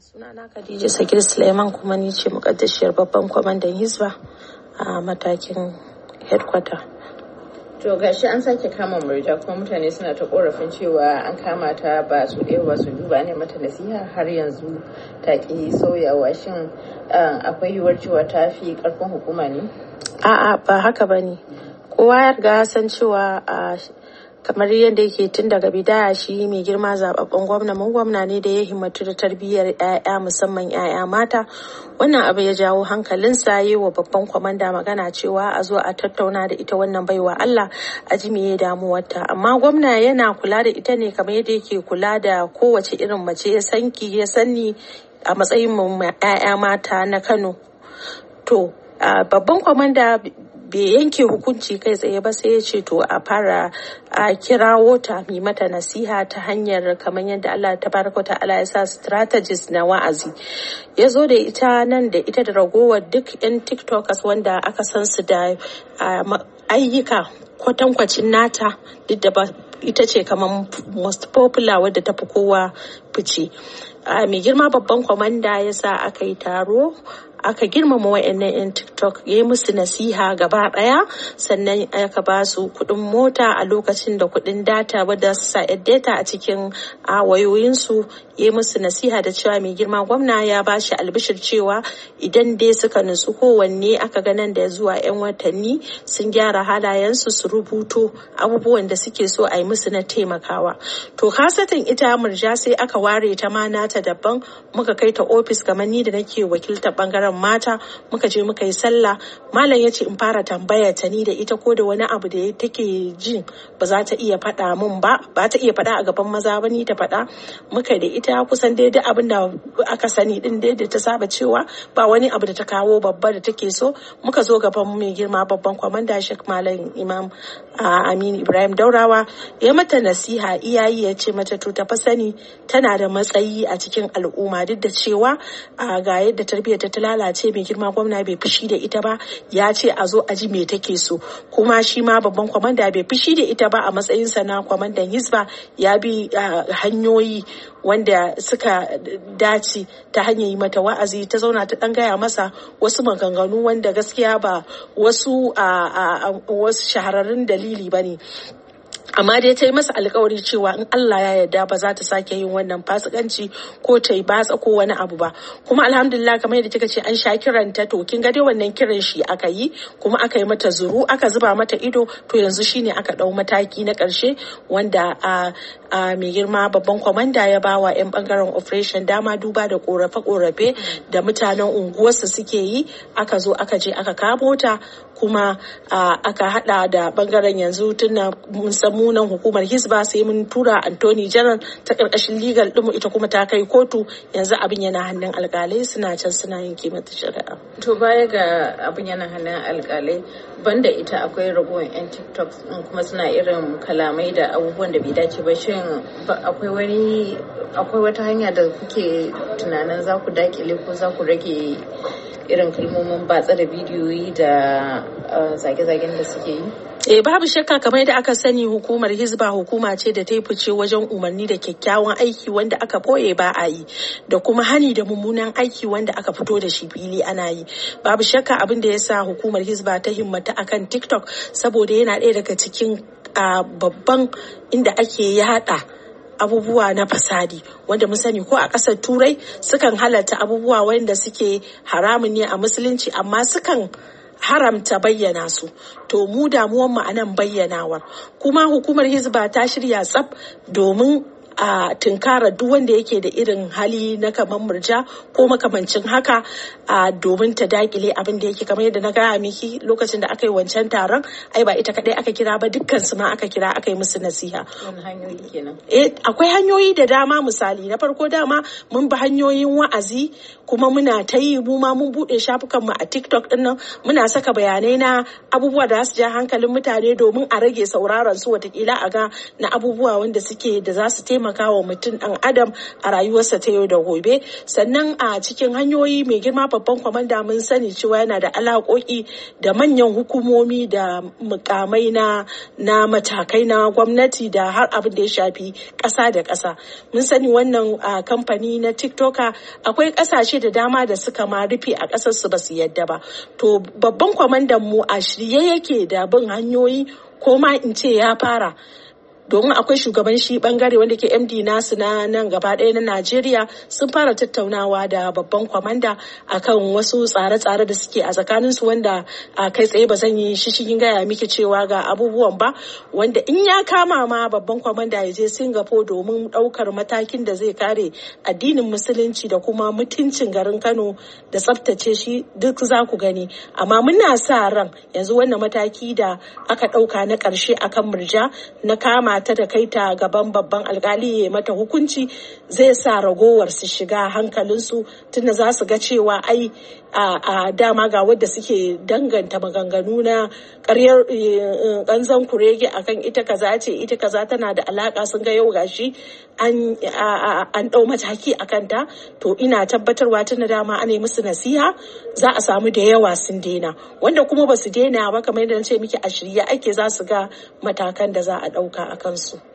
sunana khadija sakir suleiman kuma ni ce mukaddashiyar babban kwamandan hisba a matakin headquarter to gashi an sake kama murja kuma mutane suna ta korafin cewa an kama ta ba su ɗaya ba su duba ne mata nasiha har yanzu ta ƙi sauyawa shin akwai yiwuwar cewa ta fi ƙarfin hukuma ne a'a ba haka ba ne kowa ya riga san cewa kamar yadda yake tun daga bidaya shi mai girma zababben gwamna mun gwamna ne da ya himmatu da tarbiyyar 'ya'ya musamman 'ya'ya mata wannan abu ya jawo hankalin yi wa babban kwamanda magana cewa a zo a tattauna da ita wannan baiwa Allah a ji me ya wata amma gwamna yana kula da ita ne kamar yadda yake kula da kowace irin mace ya sanki ya sani a matsayin mu 'ya'ya mata na Kano to babban kwamanda bai yanke hukunci kai tsaye ba sai ya ce to a fara a kira ta mai mata nasiha ta hanyar kamar yadda Allah ta baraka ta Allah ya sa strategist na wa'azi ya zo da ita nan da ita da ragowar duk 'yan tiktokers wanda aka san su da ayyuka kwatankwacin nata duk da ba ita ce kamar most popular wadda ta fi kowa fice mai girma babban kwamanda ya sa aka yi taro aka girmama wa'annan 'yan tiktok ya yi musu nasiha gaba daya sannan aka ba su kudin mota a lokacin da kuɗin data wadda su sa data a cikin wayoyinsu ya yi musu nasiha da cewa mai girma gwamna ya ba shi albishir cewa idan dai suka nutsu kowanne aka ga nan da zuwa 'yan watanni sun gyara halayensu su rubuto abubuwan da suke so a yi musu na taimakawa to kasatan ita murja sai aka ware ta ma nata daban muka kai ta ofis kamar ni da nake wakiltar bangaren mata muka je muka yi sallah malam ya ce in fara tambaya ta ni da ita ko da wani abu da take ji ba za ta iya faɗa min ba ba ta iya faɗa a gaban maza ba ni ta faɗa muka da ita kusan daidai abin da aka sani din da ta saba cewa ba wani abu da ta kawo babba da take so muka zo gaban mai girma babban kwamanda shek malam imam aminu ibrahim daurawa ya mata nasiha iyayi ya ce mata to ta sani tana da matsayi a cikin al'umma duk da cewa ga yadda tarbiyyar ta lalace mai girma gwamna bai fushi da ita ba ya ce a zo a ji me take so kuma shi ma babban kwamanda bai fushi da ita ba a matsayinsa na kwamandan hisba ya bi hanyoyi wanda suka dace ta hanyar yi mata wa'azi ta zauna ta dan gaya masa wasu maganganu wanda gaskiya ba wasu wasu shahararrun dalili ba ne amma dai ta yi masa alkawari cewa in Allah ya yarda ba za ta sake yin wannan fasikanci ko ta yi batsa ko wani abu ba kuma alhamdulillah kamar yadda kika ce an sha kiranta to kin ga dai wannan kiran shi aka yi kuma aka yi mata zuru aka zuba mata ido to yanzu shine aka dau mataki na karshe wanda a mai girma babban kwamanda ya bawa yan bangaren operation dama duba da korafe korafe da mutanen unguwarsa suke yi aka zo aka je aka kabo ta kuma aka hada da bangaren yanzu tun mun samu mu nan hukumar hisba sai mun tura anthony general ta karkashin legal ɗinmu ita kuma ta kai kotu yanzu abin yana hannun alkalai suna can suna yin mata shari'a to baya ga abin yana hannun alkalai banda ita akwai ragowar yan tiktok kuma suna irin kalamai da abubuwan da bai dace ba shin akwai wani akwai wata hanya da kuke tunanin za ku dakile ko za ku rage irin kalmomin batsa da bidiyoyi da eh, zage-zagen da suke yi? Eh babu shakka kamar da aka sani hukumar Hizba hukuma ce da ta yi fice wajen umarni da kyakkyawan aiki wanda aka boye ba a yi da kuma hani da mummunan aiki wanda aka fito da shi fili ana yi. Babu shakka abin da ya sa hukumar Hizba ta himmata akan TikTok saboda yana ɗaya daga cikin ah, babban inda ake yada abubuwa na fasadi wanda mu sani ko a ƙasar turai sukan halatta abubuwa wanda suke haramun ne a musulunci amma sukan haramta bayyana su to mu damuwan mu anan bayyanawar kuma hukumar hizba ta shirya tsab domin a tunkara duk wanda yake da irin hali na kamar murja ko makamancin haka a domin ta dakile abin da yake kamar yadda na gaya miki lokacin da aka yi wancan taron ai ba ita kadai aka kira ba dukkan su ma aka kira aka yi musu nasiha eh, akwai hanyoyi da dama misali na farko dama mun bi hanyoyin wa'azi kuma muna ta yi mu ma mun bude shafukan mu a TikTok din nan muna saka bayanai na abubuwa da su ja hankalin mutane domin a rage sauraron su watakila a ga na abubuwa wanda suke da za su taimaka taimaka wa mutum ɗan adam a rayuwarsa ta yau da gobe sannan a cikin hanyoyi mai girma babban kwamanda mun sani cewa yana da alaƙoƙi da manyan hukumomi da mukamai na na matakai na gwamnati da har abin da ya shafi ƙasa da ƙasa mun sani wannan kamfani na tiktoka akwai ƙasashe da dama da suka ma rufe a ƙasarsu ba su yadda ba to babban kwamandan mu a shirye yake da bin hanyoyi ko ma in ce ya fara domin akwai shugaban shi bangare wanda ke md nasu na nan gaba ɗaya na najeriya sun fara tattaunawa da babban kwamanda akan wasu tsare-tsare da suke a tsakanin su wanda a kai tsaye ba zan yi shishigin gaya miki cewa ga abubuwan ba wanda in ya kama ma babban kwamanda ya je singapore domin ɗaukar matakin da zai kare addinin musulunci da kuma mutuncin garin kano da tsabtace shi duk za ku gani amma muna sa ran yanzu wannan mataki da aka ɗauka na ƙarshe akan murja na kama kama ta da kai ta gaban babban alkali ya mata hukunci zai sa ragowar su shiga hankalinsu tunda za su ga cewa ai a dama ga wadda suke danganta maganganu na karyar kanzan eh, eh, kurege akan ita kaza ce ita kaza tana da alaka sun ga yau gashi an ɗau mataki a kanta to ina tabbatarwa tana dama ana yi musu nasiha za a samu da yawa sun daina wanda kuma ba su daina ba kamar yadda na ce miki a shirye ake za su ga matakan da za a ɗauka a kansu.